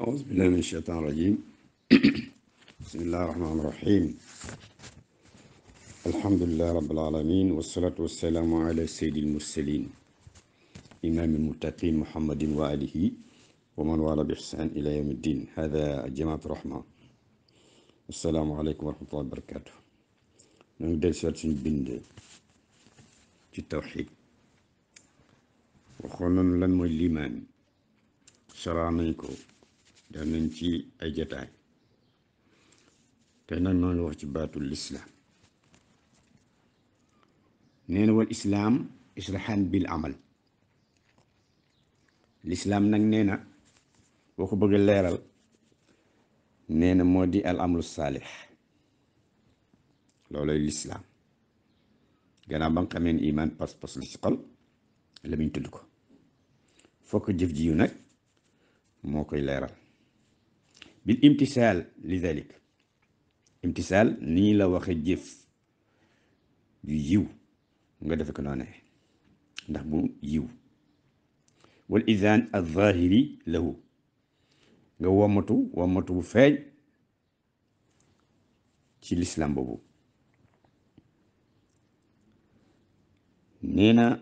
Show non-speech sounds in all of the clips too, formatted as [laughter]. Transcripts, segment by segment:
أعوذ بالله من الشيطان الرجيم بسم الله الرحمن الرحيم الحمد لله رب العالمين والصلاة والسلام على سيد المرسلين إمام المتقين محمد وآله ومن والى بإحسان إلى يوم الدين هذا جماعة الرحمة السلام عليكم ورحمة الله وبركاته نقدر سورة بند في التوحيد وخلنا لن الإيمان شرعناكم daa nañ ci ay jataay te nag maa ngi wax ci baatul lislaam nee na wal islaam israhan bil amal lislaam nag nee na boo ko bëgg leeral neena na moo di al amlu saalix looloy lislaam gannaaw ba nga xamee ni iman pas-pas la la muñ tudd ko fokk jëf ji nag moo koy leeral bil imtisaal li dalik imtisaal nii la waxe jëf ju yiw nga defe ko noone ndax mu yiw wal izaan al zahiri lahu nga wommatu wommatu bu feeñ ci lislaam boobu nee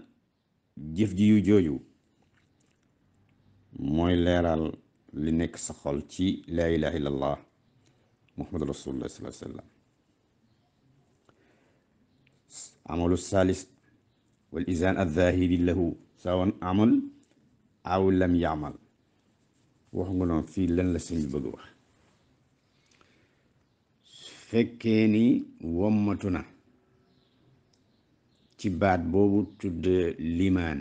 jëf ji yu jooju mooy leeral li nek sa xol ci la ilaha illallah muhammadu rasulullah sallallahu alayhi wal izan adh الثالث والإذان الذاهب amal aw lam ya'mal wax nga non fi lan la seigne fekkee wax wommatu na ci baat bobu tudde liman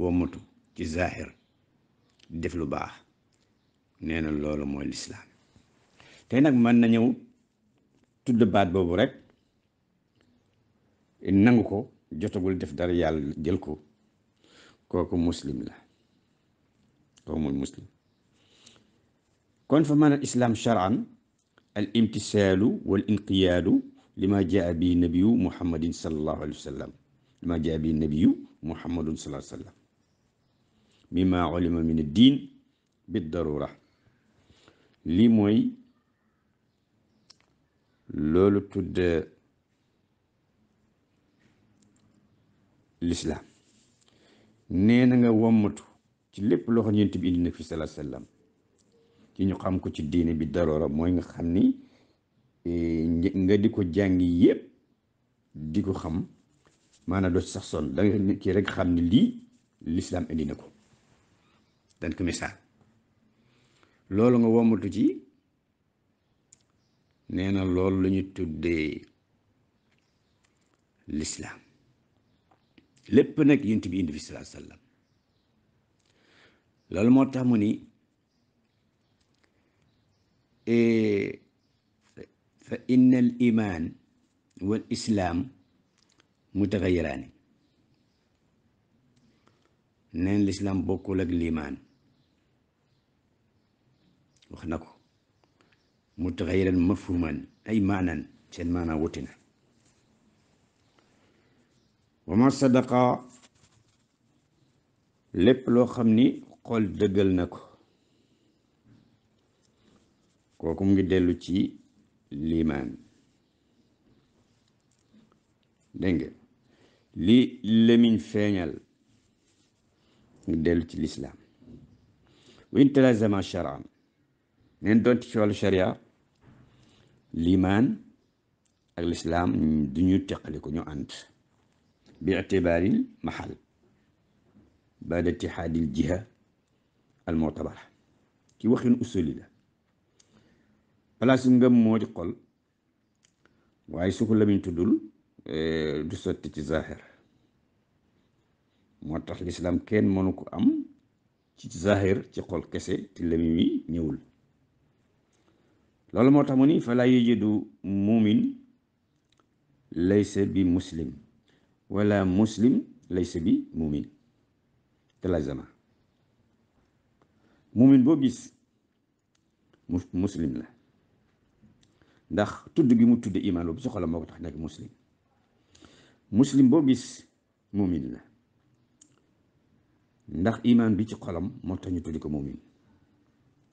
wommatu ci zahir def lu baax neena loolu mooy lislaam tey nag mën na ñëw tudd baat boobu rek nangu ko jotagul def dara yàlla jël ko kooku muslim la kooku mooy muslim kon fa maana islam sharan al imtisaalu wal inqiyaadu lima jaa bi nabiyu muhammadin sallallahu alayhi wa sallam lima jaa bi nabiyu muhammadun sallallahu alayhi wa sallam بما علم من الدين بالضرورة لي موي لولو تود الإسلام نينا وموتو ومتو تي لب لوخ نينت بي النبي صلى الله عليه وسلم تي ني كو تي بالضروره موي نغا خامني إيه، ديكو جانغي ييب ديكو خام مانا دو سخصون دا نيت كي رك خامني لي الاسلام اندي dañ ko misaal loolu nga wommatu ci nee na loolu lu ñu tuddee lislaam lépp nag yunt bi indi fi loolu moo tax mu ni eh, fa inna al iman wal islaam mutagayiraani neen lislaam bokkul ak liimaan وخناكو متغيرا مفهوما أي معنى كان معنى وطن وما صدقا لب لو خمني قول دقل نكو كوكم جدلو تي ليمان دنجة لي لمن فينال جدلو تي الإسلام وإن تلازم الشرعان نين دون تي والو شريعه ليمان اك الاسلام دنيو تيخاليكو ني انت باعتبار المحل بعد اتحاد الجهه المعتبره كي وخين اصولي لا بلاص نغم مودي خول واي سوكو لامين تودول ا [hesitation] دو سوتي تي ظاهر موتاخ الاسلام كين مونوكو ام تي ظاهر تي خول كسي تي لامي وي نيول lolu motax tax ni fa laa yajidu mumin laysa bi muslim wala muslim laysa bi mumin talazama mumin bo gis muslim la ndax tudd bi mu tudd iman bo soxla moko tax nek muslim muslim bo gis mumin la ndax iman bi ci xolam mo tañu ñu ko mumin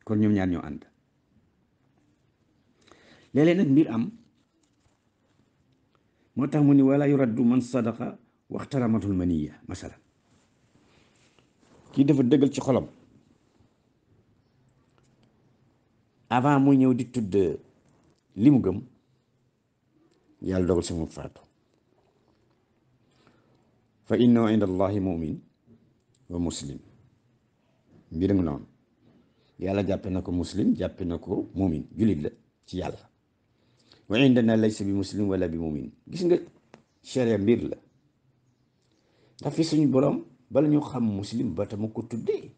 kon ñom ñaar ñoo and lele nak mbir am motax muni wala yuraddu man sadaqa waxtaramatul maniyya masala ki dafa deugal ci xolam avant mu ñëw di tudd limu gëm yàlla dogal sama fatu fa inna inda allah mumin wa muslim mbir nga non yàlla jàppe nako muslim jàppe nako mumin julit la ci yàlla wa indana laysa bi muslim wala bi mumin gis nga sharia mbir la ndax fi suñu borom bala ñu xam muslim ba tama ko tuddee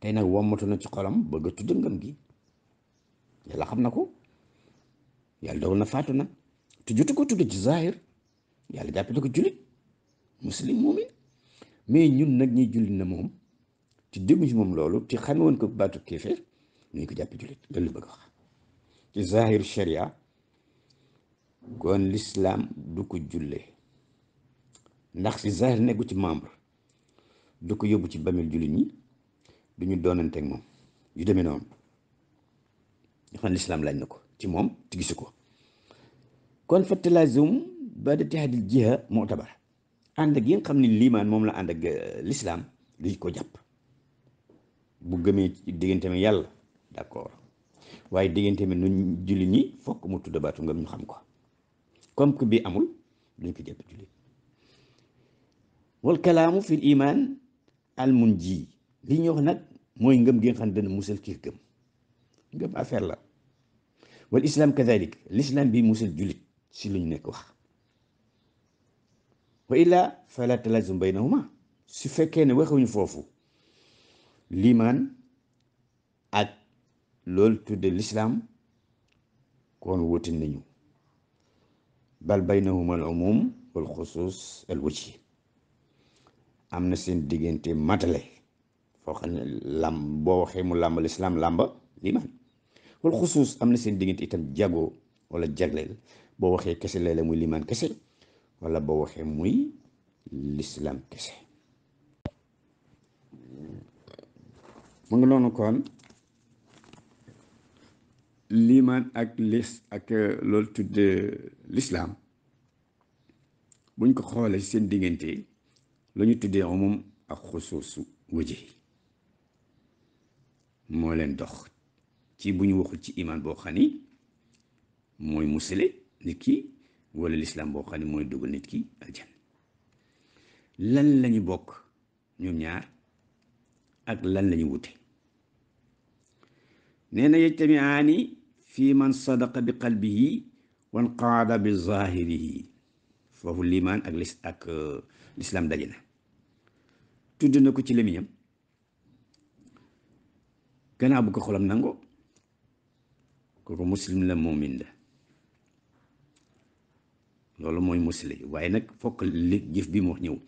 tey nag wommatu na ci xolam bëgg a tudd ngëm gi yàlla xam na ko yàlla dogal na faatu na te jotu ko tudd ci zahir yàlla jàppale ko jullit muslim mumin mais ñun nag ñi jullit na moom ci dégguñ ci moom loolu te xame woon ko baatu kéeféer ñu ko jàppe jullit loolu bëgg wax ci zahir sharia kon lislaam du ko julle ndax si zahir nekku ci membre du ko yóbbu ci bameel jullit ñi du ñu doonanteeg moom yu demee noonu xam lislaam laaj na ko ci moom ci gisu ko kon fa talaazum ba da tihaadil jiha mu'tabar ànd ak yi xam ni liimaan moom la ànd ak euh, lislaam du ko jàpp bu gëmee ci diggante mi yàlla d'accord waaye diggante mi nu jullit ñi fokk mu tudd baatu ngëm ñu xam ko كم كبي أمول لن كجاب جلي والكلام في الإيمان المنجي لن يغنق مو ينغم جين خندن موسل كيرغم جم أفعل لا والإسلام كذلك الإسلام بي موسل جلي سلن نكوح وإلا فلا تلازم بينهما سفكين وخوين فوفو الإيمان أك لول تود الإسلام كون ووتن نيو bal baynahuma al umum wal xusuus al wuji am na seen diggante matale foo xam ne boo waxee mu làmb lislaam làmba liman wal xusuus am na seen diggante itam jago wala jagleel boo waxee kese lay la muy liman kese wala boo waxee muy lislaam kese mu ngi noonu kon liimaan ak lis ak euh, loolu tudd lislaam buñ ko xoolee seen diggante lu ñu tuddee umum ak xusuusu wëje moo leen dox ci bu ñu waxul ci imaan boo xam mooy musale nit ki walla lislaam boo xam ni mooy dugal nit ki aljan lan lañu bokk ñoom ñaar ak lan lañu wute nee na yejtamiaani في من صدق بقلبه وانقاد بظاهره فهو الإيمان أجلس أك الإسلام دجنا تجدنا كتير ميم كان أبوك خلنا نعو كرو مسلم لا مؤمن ده لولو موي مسلم وينك فوق اللي جيف بي مهنيو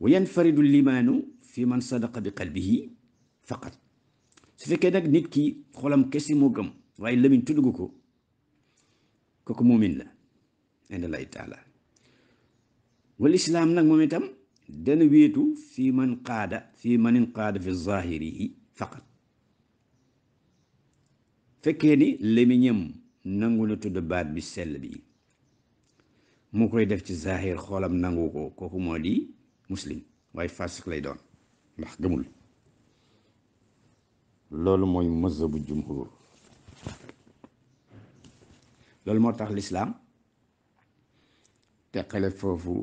وينفرد الإيمان في من صدق بقلبه فقط سفيك نك نيت كي خلام كسي مو وإن لم تلقكو كوكو مؤمن لا عند الله تعالى والإسلام نك مومتام دنا ويتو في من قاد في من انقاد في ظاهره فقط فكيني لمنيم نانغو تود بات بي سل بي mu koy def ci zahir xolam nangu ko kooku moo muslim waaye fasik lay doon ndax gëmul loolu mazhabu jumhur lol motax l'islam taqale fofu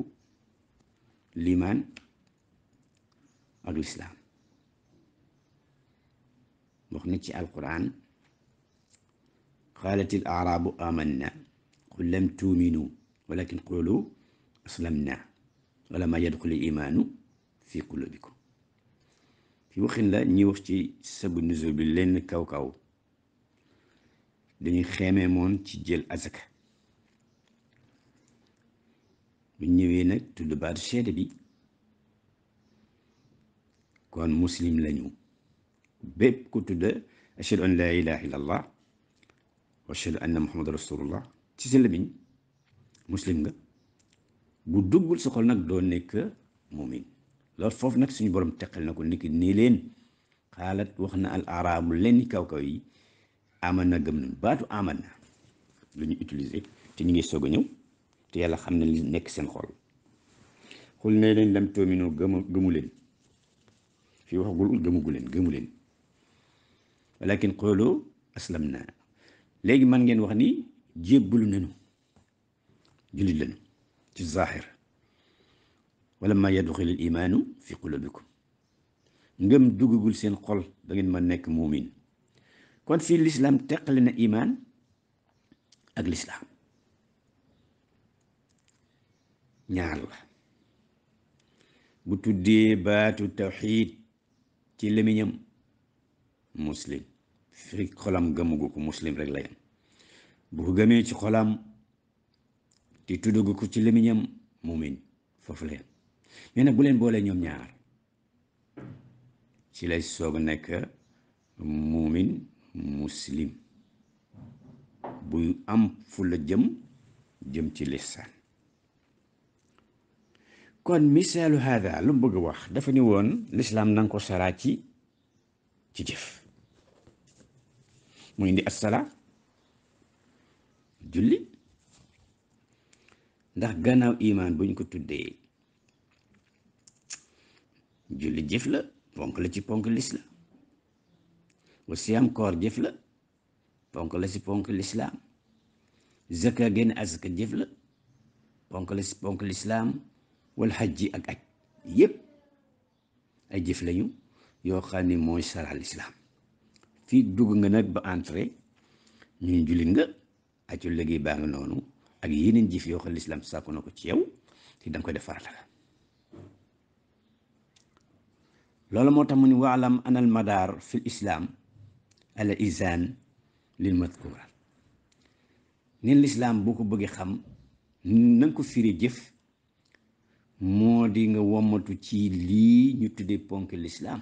l'iman ak الاسلام waxna ci alquran قالت الاعراب امنا قل لم تؤمنوا ولكن قولوا اسلمنا ولما يدخل الايمان في قلوبكم في وخين لا ني وخ سب نزول بلين كاو dañuy xeemee moon ci jël azaka bu ñëwee nag tudd baatu seede bi kon muslim lañu bépp ku tudda ashhadu an laa ilaha illa allah wa ashhadu anna muhammad rasulullah ci sa lamiñ muslim nga bu duggul sa xol nag doo nekk mumin loolu foofu nag suñu borom teqal na ko niki nii leen xaalat wax na al araabu lenn kaw kaw yi amana gëm nañ baatu amana luñu utiliser te ñi ngi soog a ñëw te yàlla xam na li nekk seen xol xul ne leen lam toominoo gëmu gëmu leen fii waxagul gëmugu leen gëmu leen walakin qulu aslamna légui man ngeen wax ni jébulu nañu jullit lañu ci zahir wala ma yadxil al imaanu fi qulubikum ngëm duggagul seen xol da ngeen ma nekk muumin kon fii lislaam teqale na imaan ak lislaam ñaar la bu tuddee baatu tawxiid ci lëmiñam muslim fi xolam gëmugu muslim rek la bu gëmee ci xolam te tuddugu ci lëmiñam mumin foofu la yam bu leen boolee ñoom ñaar ci lay soog nekk mumin muslim buy am fu la jëm jëm ci lisaan kon misaalu hada lu bëgg wax dafa ni woon lislaam nanga ko saraa ci ci jëf mu indi assala julli ndax gannaaw imaan buñ ko tuddee julli jëf la ponk la ci ponk lis wa siyaam koor jëf la ponk la si ponk lislaam zaka génn azaka jëf la ponk la si ponk lislaam wal xajji ak aj yépp ay jëf lañu yoo xam ne mooy saral lislaam fii dugg nga nag ba entré ñu ne jullit nga accu liggéey baa nga noonu ak yeneen jëf yoo xam ne lislaam sàkku na ko ci yow te danga koy def farata la loolu moo tax mu ne waalam anal madaar fil islaam al-izaan lil madkuura neen lislaam boo ko bëggee xam na nga ko firi jëf moo nga wommatu ci li ñu tuddé ponk l'islam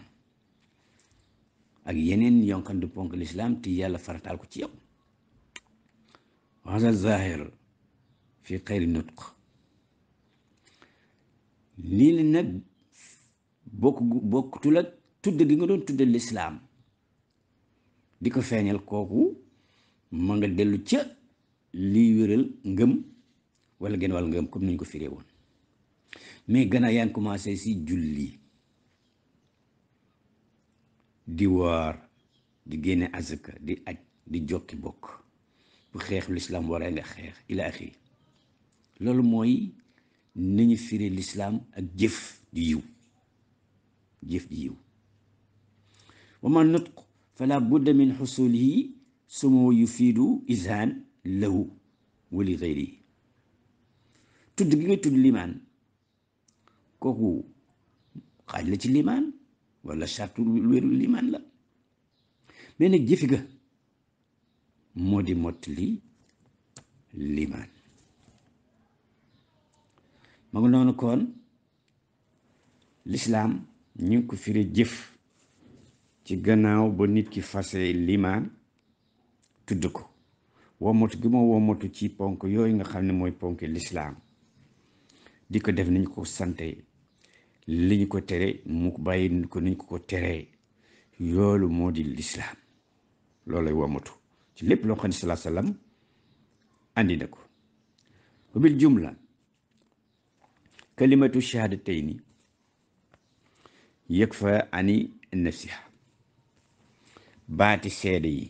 ak yenen yonkand ponk l'islam ti yàlla faratal ko ci yow waxal zahir fi qayl nutq li la nag bokku bokktul ak tudd gi nga doon tuddé l'islam di ko feeñal kooku ma nga dellu ca liy wéral ngëm wala genn wàll ngëm comme nañ ko firee woon mais gannaaw yaa ngi commencé si julli di waar di génne azaka di aj di jokki bokk bu xeex lislaam waree nga xeex ila axi loolu mooy nañu firi lislaam ak jëf di yiw jëf di yiw wa ma nutq فلا بد من حصوله سمو يفيد إذان له ولغيره تدقيت الليمان كوكو قاعدة الليمان ولا شرط الليمان لا من الجفقة مودي ga moo di mottali limaan ma nga noonu kon lislaam ci gannaaw ba nit ki fase lima tudd ko womatu gi ma womatu ci ponk yooyu nga xam ne mooy ponk lislaam di ko def nañ ko sante li ñu ko tere mu bàyyi ko nañ ko ko teree yoolu moo di lislaam loolay womatu ci lépp loo xam ne salaa sallam andi na ko bil jumla kalimatu shahadatayni yakfa ani nafsiha baati seede yi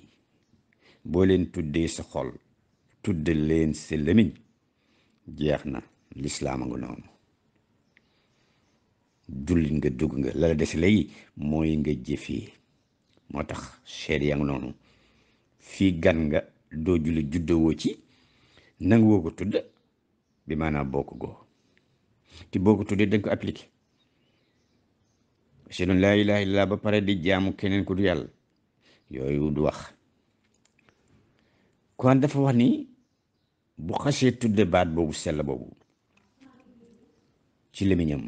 boo leen tuddee sa xol tudde leen sa lëmiñ jeex na lislaam a nga noonu jullit nga dugg nga la la dese mooy nga jëfee moo tax seede yaa ngi noonu fii gan nga doo jullit juddowoo ci nanga woo ko tudd bi maanaam bokk goo te boo ko tuddee dañ ko appliqué si noonu laa ilaaha illallaah ba pare di jaamu keneen ku du yàlla yooyu du wax kon dafa wax ni bu xasee tudde baat boobu sell boobu ci lëmiñam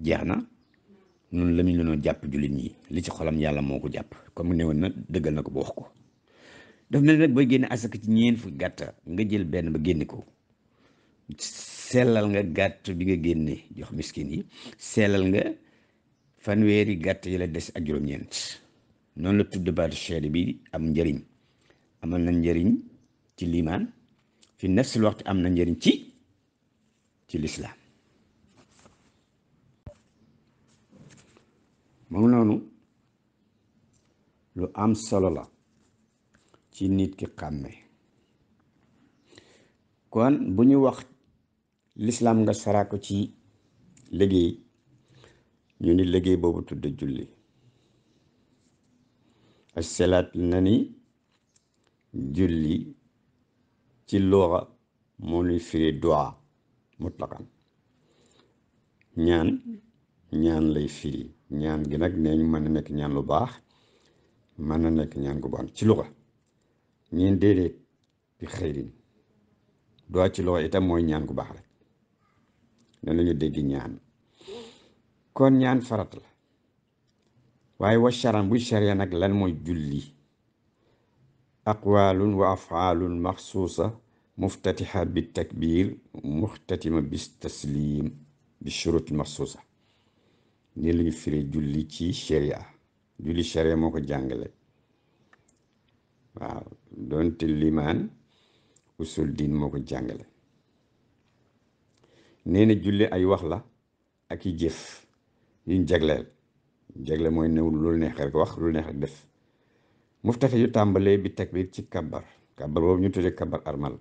jeex na noonu lëmiñ la noonu jàpp jullit ñi li ci xolam yàlla moo ko jàpp comme ne woon na dëggal na ko ba wax ko daf ne nag booy génne asaka ci ñeen fu nga jël benn ba ko sellal nga gàtt bi nga génne jox miskin yi sellal nga fanweeri gàtt yi la des ak juróom-ñeent noonu la tudd baatu seede bi am njëriñ amal na njëriñ ci liimaan fi nafsil waxtu am na njëriñ ci ci lislaam moom noonu lu am solo la ci nit ki xàmme kon bu ñu wax lislaam nga saraa ko ci liggéey ñu ni liggéey boobu tudd julli Asalat nani julli ci luxa moo nuy firi du'a mutlaqan ñaan ñaan lay firi ñaan gi nag nee ñu mën na nekk ñaan lu baax mën na ñaan gu bon ci luxa ñeen bi du'a ci itam ñaan gu baax rek kon ñaan farat la waaye wa sharan buy nag lan mooy julli aqwaalun wa afaalun maxsuusa muftatiha bi takbir muxtatima bi taslim ni lañu firi julli ci sharia julli sharia moo ko jàngale waaw doonte limaan usul diin moo ko jàngale nee na julli ay wax la ak i jëf yuñ jagleel jagle mooy new loolu neex rek wax loolu neex rek def muftaxi yu tàmbalee bi takbir ci kabar kabar boobu ñu tuddee kabar armal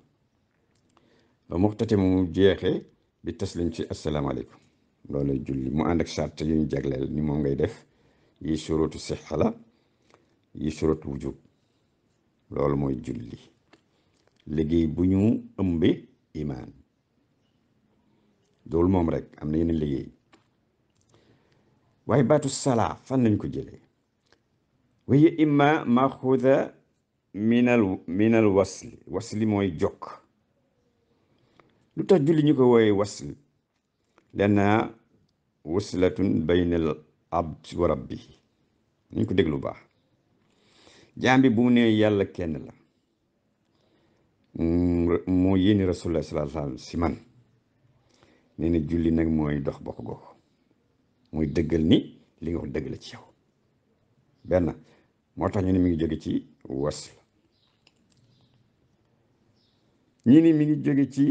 ba muxtati mu jeexee bi taslim ci asalaamaaleykum loolu julli mu ànd ak sart yu ñu jagleel ni moom ngay def yi surutu sixa la yi surutu wujub loolu mooy julli liggéey bu ñu ëmbe imaan loolu moom rek am na yeneen liggéey وهي باتو السلع فن كجلي وهي إما مأخوذة من ال من الوصل وصل موي جوك لتجول نيكو وي وصل لأن وصلة بين الأب وربي نيكو دقلو باه جامبي بوني يالا كنلا مو رسول الله صلى الله عليه وسلم سيمان نيني جولي نك موي دوخ muy dëggal ni li nga wax dëgg la ci yow benn moo tax ñu ne mi ngi jóge ci wasl ñi ni mi ngi jóge ci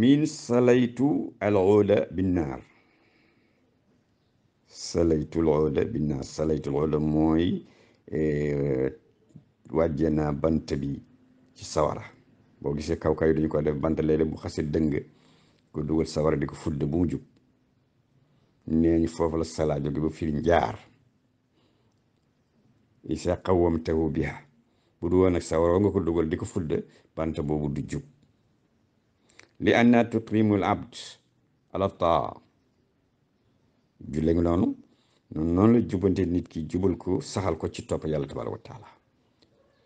min salaytu al uda binnaar salaytu al uda mooy eh, wàjje naa bant bi ci sawara boo gisee kaw kaw yi dañu ko def bant léeg-léeg bu xasee dëng ko dugal sawara di ko fudd bu mu jub neñ fofu la sala joge ba firi njar isa tahu biha bu du ak sawara nga ko dugal di fudde banta bobu du juk li anna tuqrimul abd ala ta julle nonu non non la jubante nit ki jubal ko saxal ko ci top yalla tabaraka taala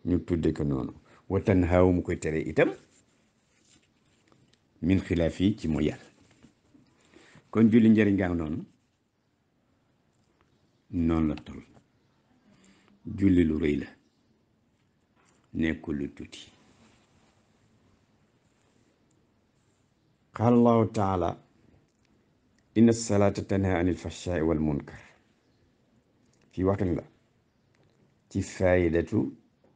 ñu tudde ko nonu wa koy tere itam min khilafi fi ci mooy yàlla kon julli njëriñ nonu noonu la toll julli lu rëy la nekkul lu tuuti qaala allahu taala inna salaata tanha anil fahshaai wal munkar fii waxtaan la ci faydatu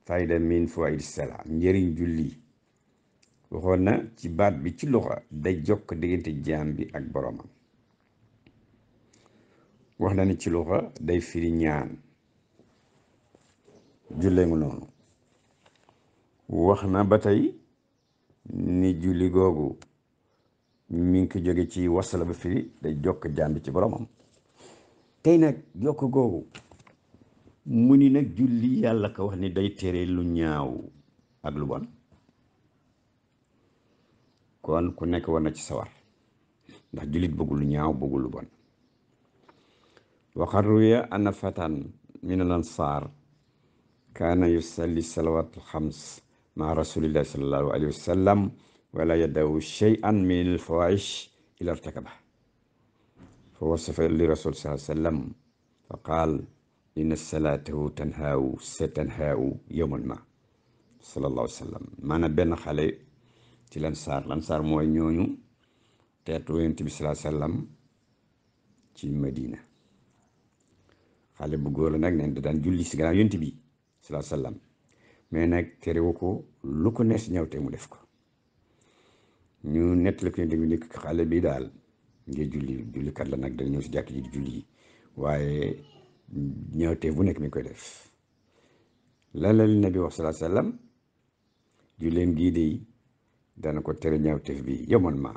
fayda min fawaid salaa njëriñ julli waxoon na ci baat bi ci loxo day jokk diggante jaam bi ak boromam wax na ni ci luxa day firi ñaan jullee ngu noonu wax na ba tey ni julli googu mi ngi ko jóge ci wasala ba firi day jokk jaam ci boromam tey nag jokk googu mu ni nag julli yàlla ko wax ni day tere lu ñaaw ak lu bon kon ku nekk war na ci sawar ndax jullit bëggul lu ñaaw bëggul lu bon وقد روي أن فتى من الأنصار كان يصلي الصلوات الخمس مع رسول الله صلى الله عليه وسلم ولا يدعو شيئا من الفواحش إلا ارتكبه فوصف للرسول صلى الله عليه وسلم فقال إن الصلاة تنهاو ستنهاو يوما ما صلى الله عليه وسلم maanaam benn xale ci لانصار lansaar mooy ñooñu teetu yonent صلى الله عليه وسلم تي Madina xale bu góor la nag neen da daan julli si gannaaw yonent bi salaa sallam mais nag terewu ko lu ko nees ñëw mu def ko ñu nettali ko nekk xale bi daal ngay julli jullikat la nag dañ ñëw si jàkk ji julli waaye ñëw bu nekk mi koy def lan la nabi wax salaa sallam julleem gii de dana ko tere ñaawteef bi yoman ma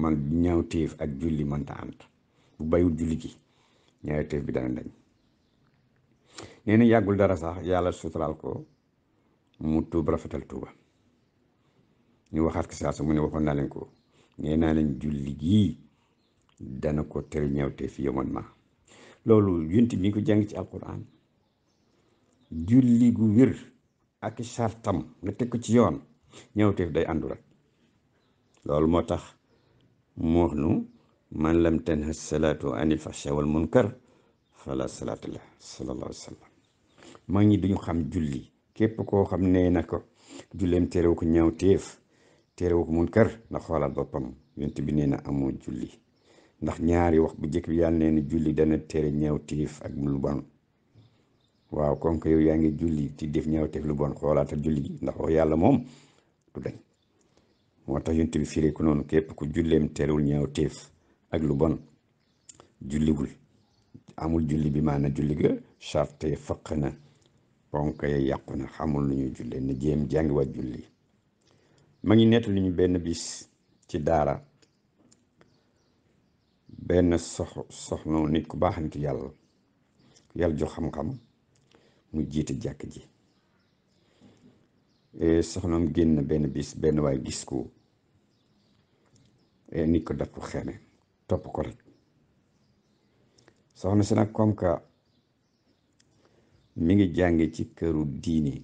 man ñaawteef ak julli mënta ànd bu bàyyiwul julli gi ñaari bi dana dañ neena yagul ya dara sax yalla ya sutural ko mu tuub rafetal tuuba ñu waxat ko sax mu ne waxon na leen ko neena lañ julli gi dana ko tel ñawte fi yoman ma loolu yunti mi ko jang ci alquran julli gu wir ak sartam nga tek ci yoon ñawteef day andu rek motax mo xnu man lam tanha salaatu an ilfahsha wal munkar fala salaatu lah wa sallam mag ñi duñu xam julli képp koo xam nee na ko julleem terewu ko ñaaw téef terewu ko munkar na xoolaat boppam yonent bi nee na amu julli ndax ñaari wax bu jëkk bi yàlla nee na julli dana tere ñaaw téef ak lu waaw kon ko yaa ngi julli ci def ñaaw téef lu bon xoolaatal julli ndax wax yàlla moom du dañ moo tax yonent bi firi ko noonu képp ku julleem terewul ñaaw téef ak lu bon julliwul amul julli bi maanaam julli ga charte fëq na ponk ya yàqu na xamul lu ñuy julli ne jéem jàngi waat julli ma ngi nett ñu benn bis ci daara benn sox soxna nit ku baax nit yàlla yàlla jox xam-xam mu jiite jàkk ji e, soxnaam génn benn bis benn waay gis ko e, nit ko daf ko xeme top ko rek soxna si nag comme que mi ngi jànge ci këru diine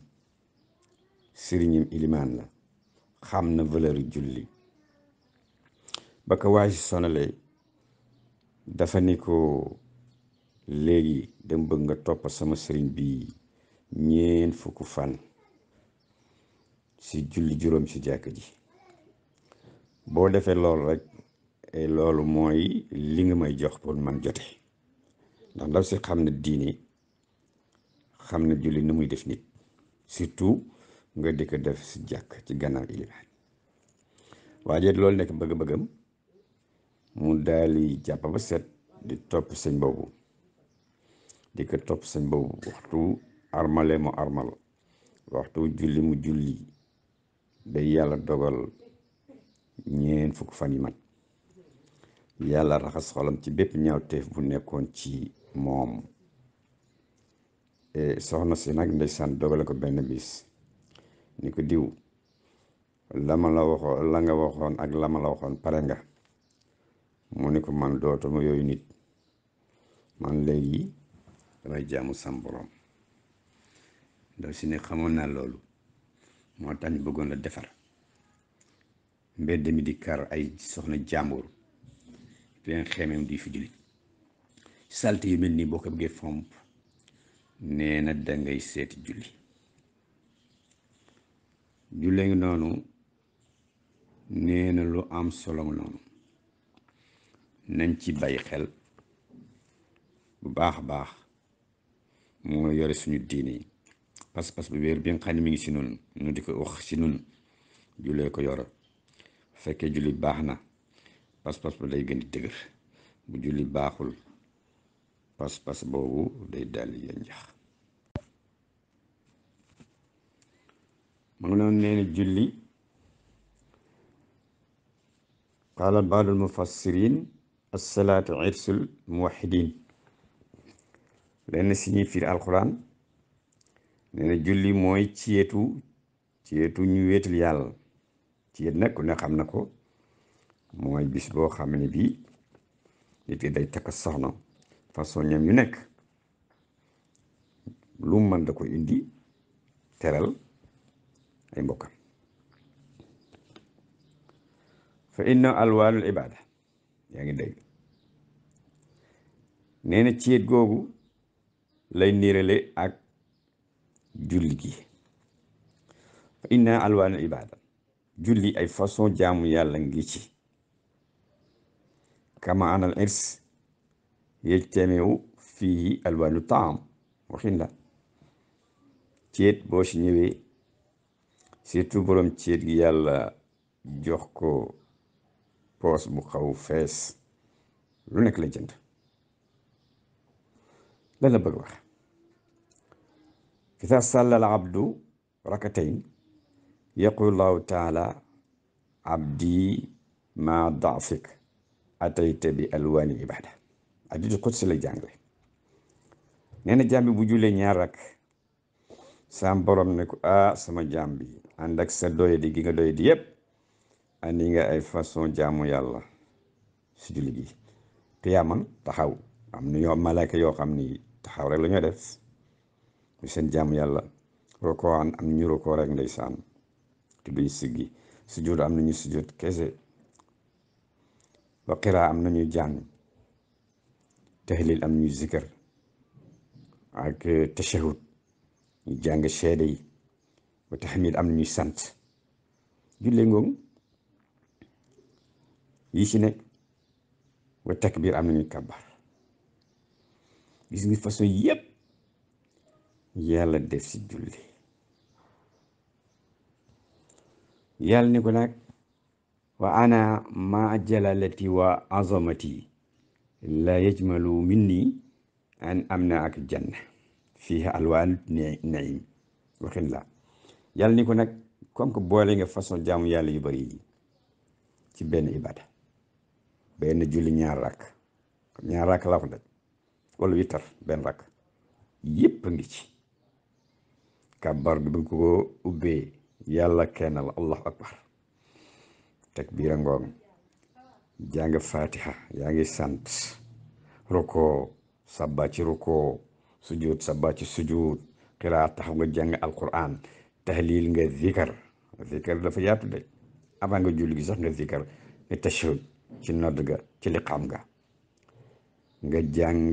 sëriñam la xam na valeur julli baka waji waa ji sonale dafa ni ko léegi dem bëgg nga sama bi nyen fuku fan si julli juróom si jàkk ji bo defee rek e mooy li nga may jox pour man jote ndax ndaw si xam na diine julli ni muy def nit surtout nga di def si jak ci gannaaw ilimaan waaye loolu nekk bëgg-bëggam mu daal di jàpp ba set di top sëñ boobu di ko top sëñ boobu waxtu armale mo armal waxtu Juli mu julli day yàlla dogal ñeen fuk fan mat yàlla raxas xolam ci bépp ñaawteef bu nekkoon ci moom eh, soxna si nag ndeysaan dogale ko benn bis ni ko diw la la waxoon la nga waxoon ak lama la waxoon pare nga mu ni ko man dootuma yooyu nit man léegi damay jaamu sam borom ndaw si ne xamoon naa loolu moo tax ñu bëggoon la defar mbedd mi di kar ay soxna jàmbur bien leen xeemeem fi jullit salte yu mel nii boo ko bëggee fomp nee na dangay seeti julli julle ngi noonu nee na lu am solo noonu nañ ci bàyyi xel bu baax baax moo yore suñu diine yi pas-pas bu wéer bi nga xam ne mi ngi si noonu nu di ko wax si nun jullee ko yor fekkee julli baax na pas-pas ba day gën di dëgër bu julli baaxul pas-pas boobu day dal ya njax mu noonu nee julli qaala baadul mufassirin assalaatu irsul muwahidin lenn si ñuy fiir alquran nee julli mooy ciyeetu ciyeetu ñu wéetal yàlla ciyeet nag ku ne xam na ko mooy bis boo xam ne bii nit ki day takk soxna façon ñoom yu nekk lu mën da ko indi teral ay mbokkam fa inna alwaanul ibada yaa ngi dégg nee na ciet googu lay niirale ak julli gi fa inna alwaanul ibada julli ay façon jaamu yàlla ngi ci kama anal irs yejtameu fii alwaanu taam waxin la céet boo ci ñëwee surtout borom céet gi yàlla jox ko poos bu xaw fees lu nekk la jënd lan la bëgg wax iza salla al abdu rakatayn yaqulu llahu taala abdi ma daafik atayta bi alwaani ibada hadiisul qudsi la jàngale nee na jaam bi bu julee ñaar rak sam borom ne ko ah sama jambi. andak ànd digi sa doyadi gi nga doyadi yëpp andi nga ay façon jaamu yàlla ya si julli gi te yaa man taxaw am na yoo malaaka yoo xam taxaw rek la def ñu am ñu rek am kese wa qiraa am nañuy jàng tahlil am ñuy zikar ak eh, tashahud ñu jàng seede yi wa tahmid am na ñu sant julle ngoom yi ci nekk wa takbir am nañuy kabar gis ngi façon yépp yàlla def ci julli yàlla ne ko wa ana ma jalalati wa azamati la yajmalu minni an am na ak janna fiiha alwaan naim waxin la yàlla ni ko nag comme que boole nga façon jaamu yàlla yu bëri yi ci benn ibada benn julli ñaar rakk ñaar rakk laa ko daj wala wittar benn rakk yépp ngi ci kàbbar bi bu ko ubbee yàlla kennal allahu akbar takbira ngoog jàng fatiha yaa ngi sant ruko sabba ci ruko sujud sabba ci sujud xiraa taxaw nga jàng alquran tahlil nga zikar zikar dafa jaatu de avant nga julli gi sax nga zikar nga tashahud ci nodd ga ci liqaam ga nga jàng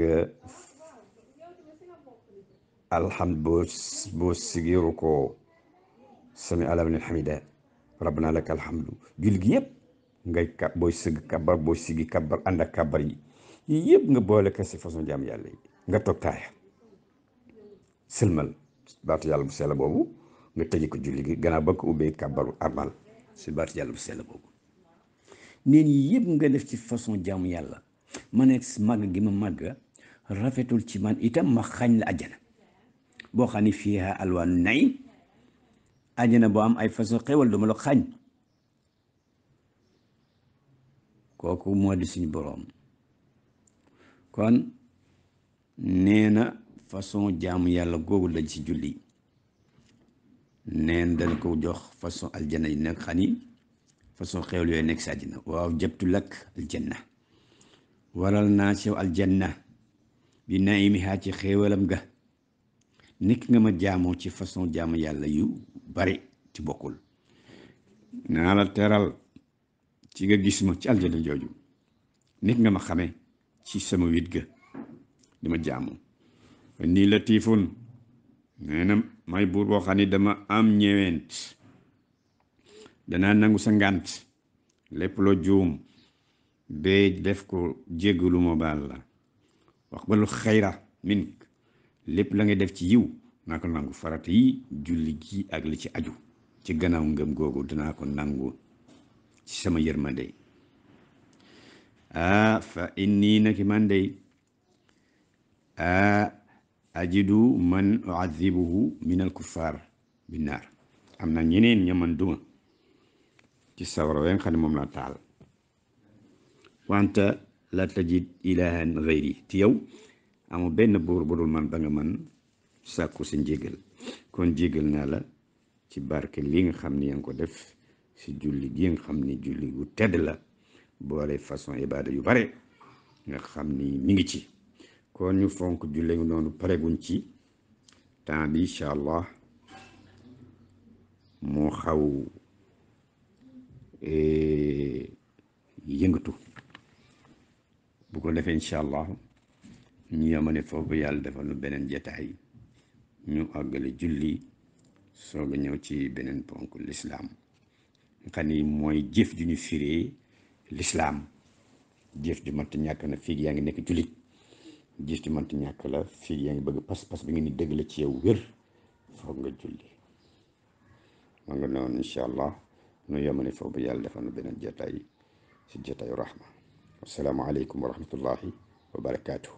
alhamd boo boo sigiru ko sami alamni hamida rabbana lakal hamdu jul gi ngay ka booy kabar boy sigi kabar Anda kabar yi yeb nga boole ka ci façon jam yalla yi nga tok tay ya. selmal baatu yalla bu sel bobu nga tëje ko julli gi gannaaw bëkk ko kabar armal si baatu bu sel bobu neen yi yeb nga def ci façon jam yalla gi ma mag rafetul ci man itam ma xagn la aljana bo xani fiha alwan àjjana bu am ay façon xéwal duma la xañ kooku moo di suñu boroom kon nee na façon jaamu yàlla googu lañ ci julli neen dañ ko jox façon aljanna yi nekk xani façon xéwal yooyu nekk si àjjana waaw jabtu lakk aljanna waral naa ci aljanna bi naimi haa ci xéewalam ga nekk nga ma jaamoo ci façon jaamu yàlla yu bari ci bokul naa la teral ci nga gis ma ci aljana jooju nit nga ma xame ci sama wit ga di jamu ni tifun, nena may bur bo xani dama am ñewent dana nangu sa ngant lepp lo joom be def ko jéggalu ma baal wax la ngay def ci yiw nako nanggu nangu farata yi julli gi ak li ci aju ci gannaaw ngeum gogo dina ko nangu ci sama yermande ah fa inni naki man day ah ajidu man u'adhibuhu min al kuffar bin nar amna ñeneen ñe man duma ci sawara wen ya xani mom la taal wanta la tajid ilahan ghairi ti yow amu ben bur bu man da nga man sàkku si njégal kon jégal naa la ci barke li nga xam ni yaa ngi ko def si julli gi nga xam ni julli gu tedd la boole façon ibaada yu bare nga xam ni mi ngi ci kon ñu fonk julli ngi noonu pareguñ ci temps bi incha moo xaw e, yëngatu bu ko defee incha allah ñu yemane foofu yàlla defal na beneen jataay ñu àggale julli soog a ñëw ci beneen ponk lislaam xam ni mooy jëf ju ñu firee lislaam jëf ju mënta ñàkk na fii yaa ngi nekk jullit jëf ju mënta ñàkk la fii yaa ngi bëgg pas-pas bi ngeen di dëgg la ci yow wér foog nga julli ma nga noonu allah nu yemane foofu ba yàlla defal na beneen jotaay si jotaayu rahma asalaamaaleykum wa rahmatullahi wa barakaatu.